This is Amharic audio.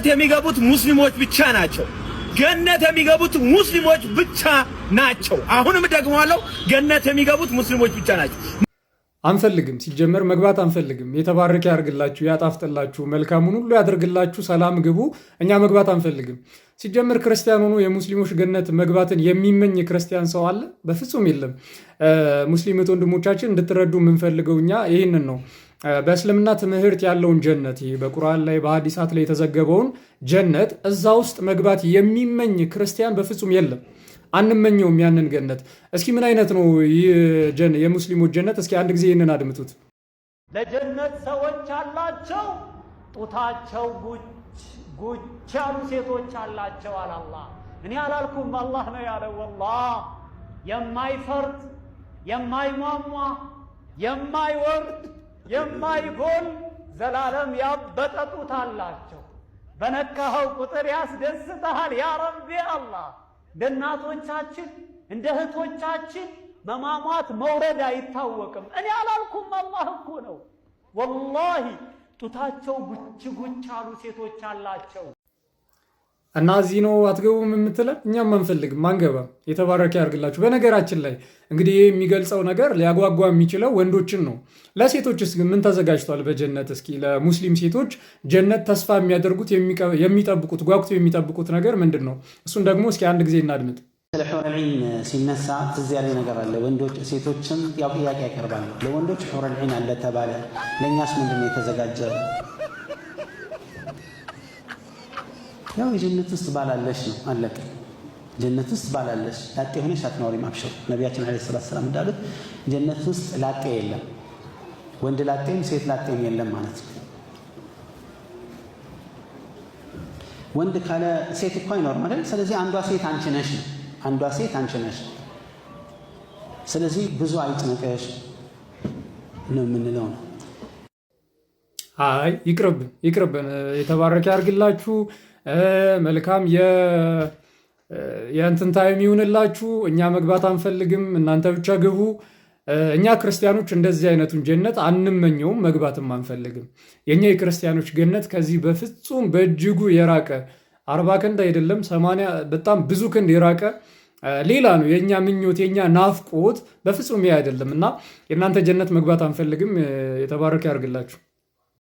ገነት የሚገቡት ሙስሊሞች ብቻ ናቸው። ገነት የሚገቡት ሙስሊሞች ብቻ ናቸው። አሁንም ደግሞአለው ገነት የሚገቡት ሙስሊሞች ብቻ ናቸው። አንፈልግም ሲጀመር መግባት አንፈልግም። የተባረከ ያርግላችሁ፣ ያጣፍጥላችሁ፣ መልካሙን ሁሉ ያደርግላችሁ፣ ሰላም ግቡ። እኛ መግባት አንፈልግም። ሲጀመር ክርስቲያን ሆኖ የሙስሊሞች ገነት መግባትን የሚመኝ ክርስቲያን ሰው አለ? በፍጹም የለም። ሙስሊም ወንድሞቻችን እንድትረዱ የምንፈልገው እኛ ይህንን ነው። በእስልምና ትምህርት ያለውን ጀነት ይህ በቁርአን ላይ በሀዲሳት ላይ የተዘገበውን ጀነት እዛ ውስጥ መግባት የሚመኝ ክርስቲያን በፍጹም የለም። አንመኘውም ያንን ገነት። እስኪ ምን አይነት ነው የሙስሊሞች ጀነት? እስኪ አንድ ጊዜ ይህንን አድምጡት። ለጀነት ሰዎች አላቸው፣ ጡታቸው ጉች ያሉ ሴቶች አላቸው አላላ። እኔ አላልኩም፣ አላህ ነው ያለው። ወላ የማይፈርድ የማይሟሟ የማይወርድ የማይጎል ዘላለም ያበጠ ጡት አላቸው። በነካኸው ቁጥር ያስደስተሃል። ያ ረቢ አላህ እንደ እናቶቻችን እንደ እህቶቻችን መማሟት መውረድ አይታወቅም። እኔ አላልኩም፣ አላህ እኮ ነው። ወላሂ ጡታቸው ጉች ጉች አሉ ሴቶች አላቸው እና እዚህ ነው አትገቡም የምትለን፣ እኛም አንፈልግም አንገባም። የተባረከ ያርግላችሁ። በነገራችን ላይ እንግዲህ ይህ የሚገልጸው ነገር ሊያጓጓ የሚችለው ወንዶችን ነው። ለሴቶችስ ግን ምን ተዘጋጅቷል በጀነት? እስኪ ለሙስሊም ሴቶች ጀነት ተስፋ የሚያደርጉት የሚጠብቁት ጓጉቶ የሚጠብቁት ነገር ምንድን ነው? እሱን ደግሞ እስኪ አንድ ጊዜ እናድምጥ። ስለ ዒን ሲነሳ ትዝ ያለ ነገር አለ። ወንዶች ሴቶችም ያው ጥያቄ ያቀርባሉ። ለወንዶች ሑረ ዒን አለ ተባለ፣ ለእኛስ ምንድን ነው የተዘጋጀ ያው የጀነት ውስጥ ባላለሽ ነው። አለቀ። ጀነት ውስጥ ባላለሽ ላጤ ሆነሽ አትኖሪም። አብሽሩ። ነቢያችን ዓለይሂ ሰላቱ ወሰላም እንዳሉት ጀነት ውስጥ ላጤ የለም፣ ወንድ ላጤም ሴት ላጤም የለም ማለት ነው። ወንድ ካለ ሴት እኮ አይኖርም አይደል? ስለዚህ አንዷ ሴት አንቺ ነሽ ነው። አንዷ ሴት አንቺ ነሽ። ስለዚህ ብዙ አይጭነቀሽ ነው የምንለው ነው አይ ይቅርብን፣ ይቅርብን። የተባረከ ያርግላችሁ። መልካም የእንትን ታይም ይሁንላችሁ። እኛ መግባት አንፈልግም፣ እናንተ ብቻ ግቡ። እኛ ክርስቲያኖች እንደዚህ አይነቱን ጀነት አንመኘውም፣ መግባትም አንፈልግም። የእኛ የክርስቲያኖች ገነት ከዚህ በፍጹም በእጅጉ የራቀ አርባ ክንድ አይደለም ሰማንያ በጣም ብዙ ክንድ የራቀ ሌላ ነው። የእኛ ምኞት የእኛ ናፍቆት በፍጹም ይህ አይደለም እና የእናንተ ጀነት መግባት አንፈልግም። የተባረከ ያርግላችሁ።